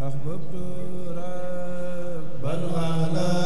أحببت ربا على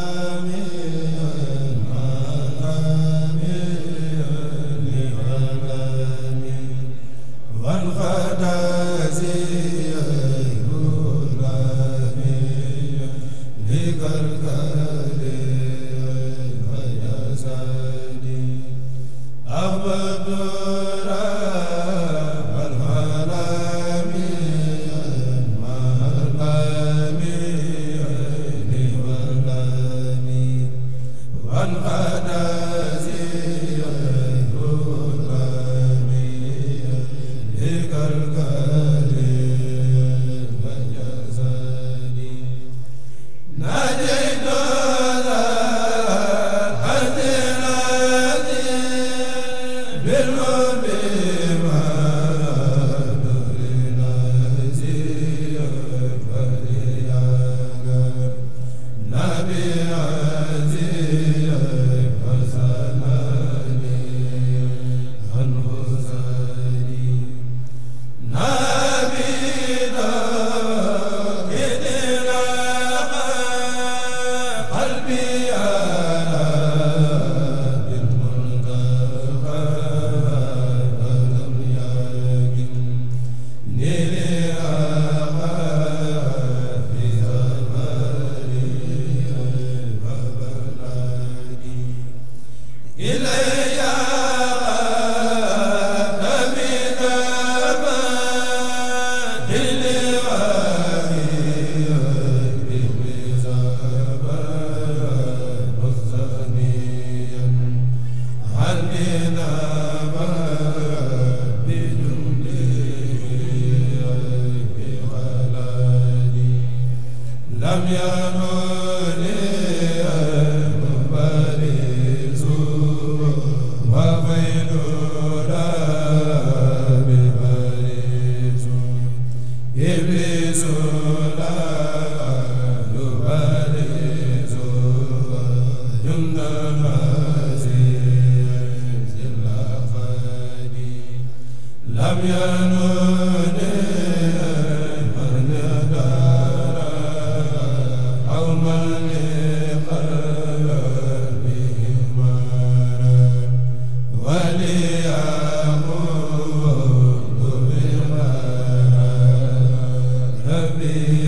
Amen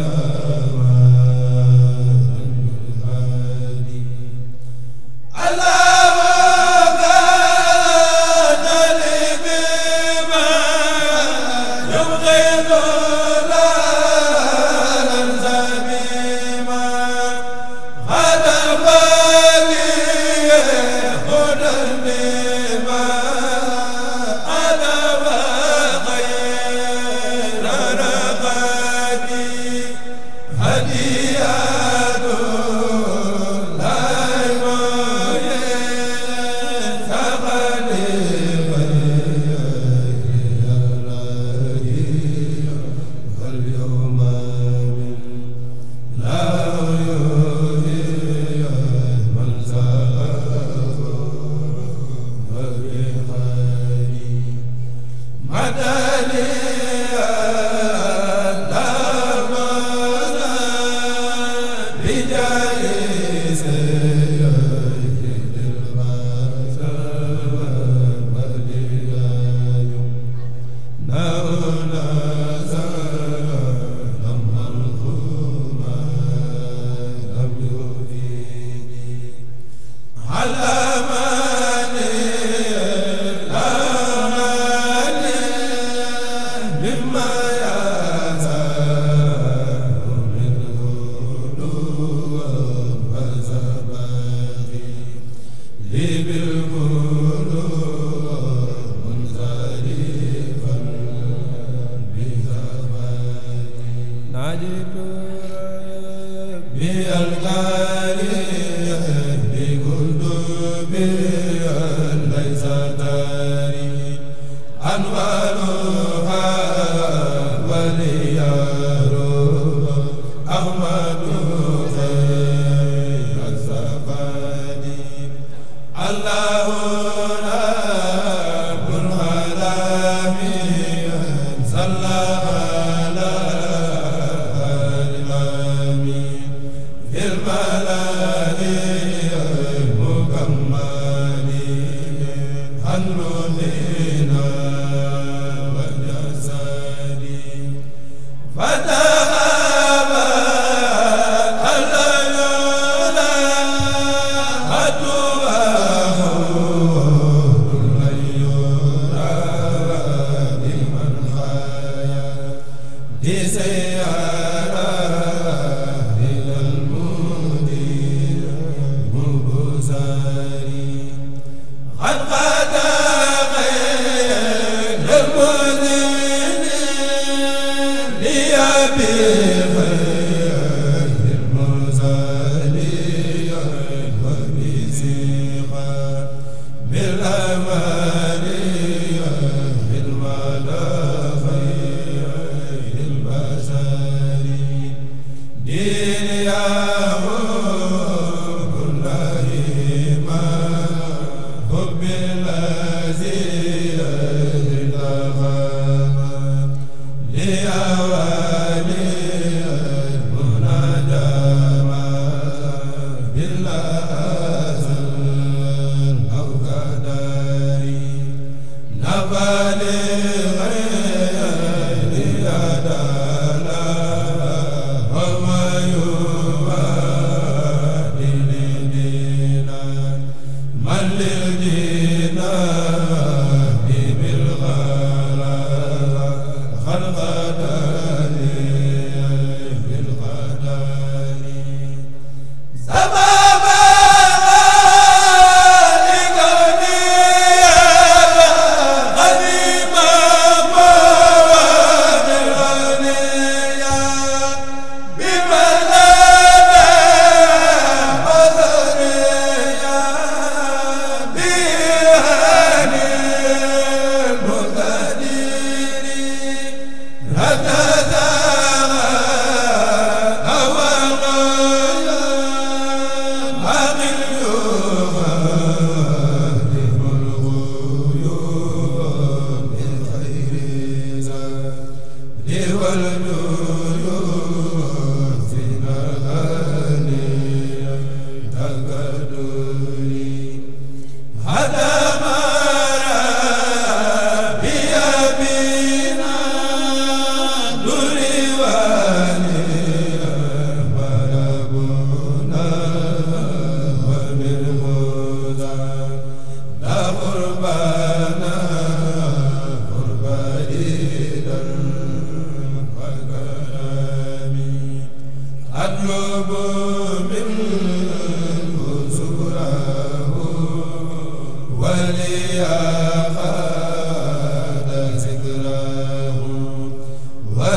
di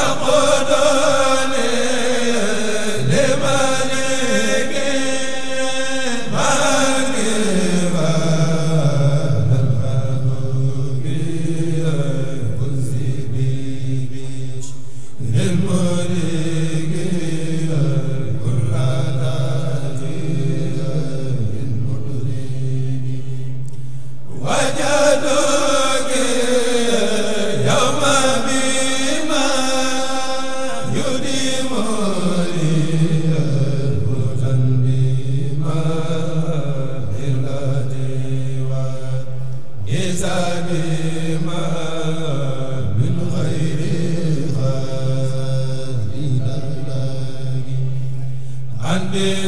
na bi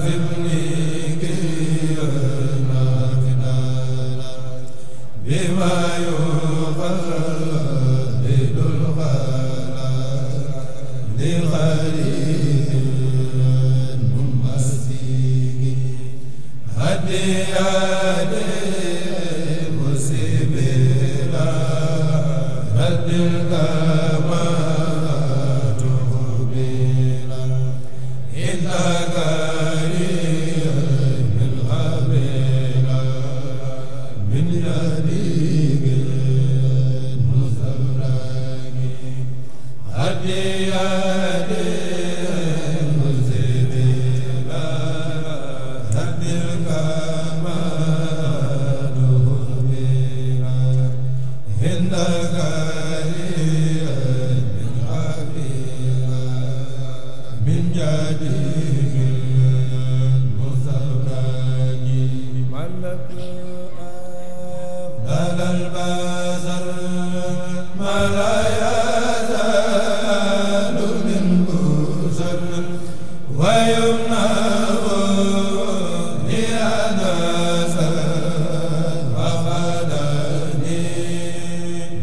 fi la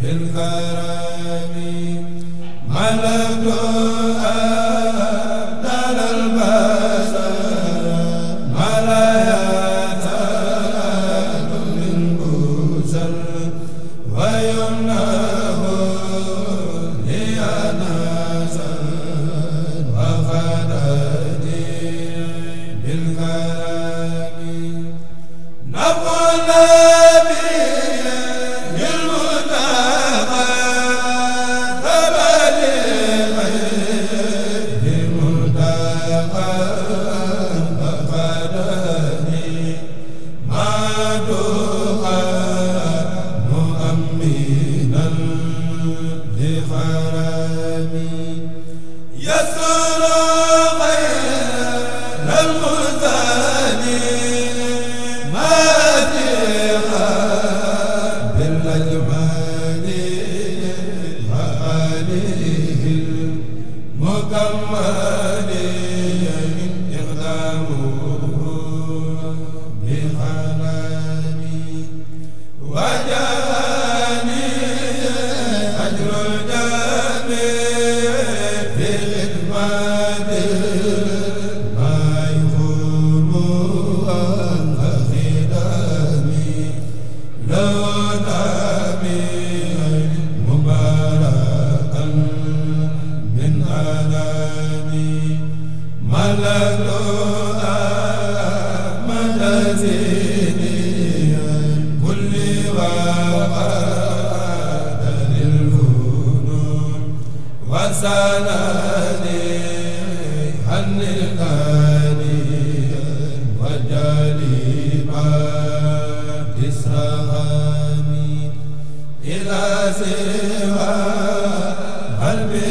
بالكرم ملكت do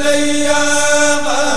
ilayya